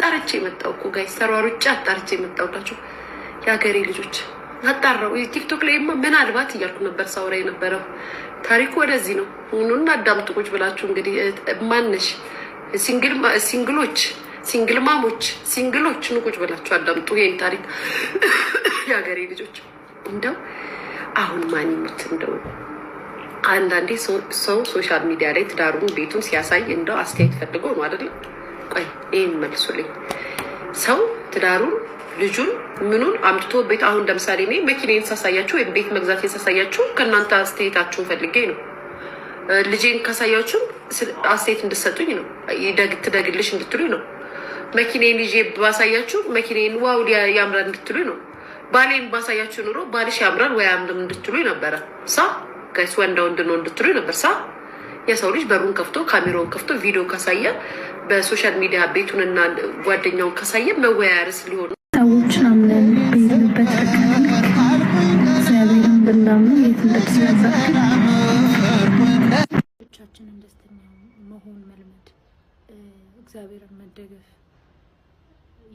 አጣርቼ የመጣው እኮ ጋይ ተሯሩጬ አጣርቼ የመጣውላቸው የሀገሬ ልጆች አጣራው። ቲክቶክ ላይማ ምናልባት እያልኩ ነበር ሳውራ የነበረው ታሪኩ ወደዚህ ነው። ሁኑና አዳምጡ ቁጭ ብላችሁ እንግዲህ ማነሽ ሲንግሎች፣ ሲንግል ማሞች፣ ሲንግሎች ንቁጭ ብላችሁ አዳምጡ ይሄን ታሪክ የሀገሬ ልጆች። እንደው አሁን ማን ይሙት እንደው አንዳንዴ ሰው ሶሻል ሚዲያ ላይ ትዳሩን ቤቱን ሲያሳይ እንደው አስተያየት ፈልገው ነው አይደለም ቆይ ይህን መልሱልኝ። ሰው ትዳሩን ልጁን ምኑን አምጥቶ ቤት አሁን ለምሳሌ እኔ መኪናዬን ሳሳያችሁ ወይም ቤት መግዛቴን ሳሳያችሁ ከእናንተ አስተያየታችሁን ፈልጌ ነው። ልጄን ካሳያችሁም አስተያየት እንድሰጡኝ ነው። ትደግልሽ እንድትሉ ነው። መኪናን ይዤ ባሳያችሁ መኪናን ዋው ያምራል እንድትሉ ነው። ባሌን ባሳያችሁ ኑሮ ባልሽ ያምራል ወይ አያምርም እንድትሉ ነበረ። ሳ ወንዳ ወንድ ነው እንድትሉ ነበር ሳ የሰው ልጅ በሩን ከፍቶ ካሜራውን ከፍቶ ቪዲዮ ካሳየ በሶሻል ሚዲያ ቤቱንና ጓደኛውን ካሳየ መወያያ ርዕስ ሊሆኑ ሰዎች አምነን በሄድንበት ርቀት እግዚአብሔርን የት እንደርስ ነበር። ቻችንን ደስተኛ መሆን መልመድ እግዚአብሔርን መደገፍ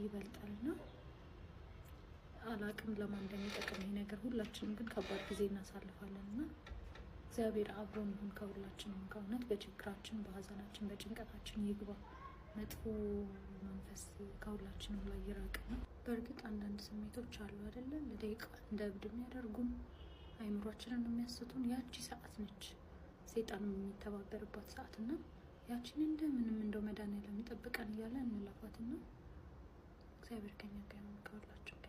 ይበልጣልና አላቅም ለማን እንደሚጠቅም ነገር። ሁላችንም ግን ከባድ ጊዜ እናሳልፋለን እና እግዚአብሔር አብሮ መሆን ከሁላችንም ከእውነት በችግራችን፣ በሀዘናችን፣ በጭንቀታችን ይግባ። መጥፎ መንፈስ ከሁላችንም ላይ ይራቅ ነው። በእርግጥ አንዳንድ ስሜቶች አሉ አይደለ? ለደቂቃ እንደ እብድ የሚያደርጉን አይምሯችንን የሚያስቱን ያቺ ሰዓት ነች ሴጣን የሚተባበርባት ሰዓት እና ያችን እንደ ምንም እንደው መድኃኒዓለም ይጠብቀን እያለ እንላፋትና እግዚአብሔር ከኛ ጋር ከሁላቸው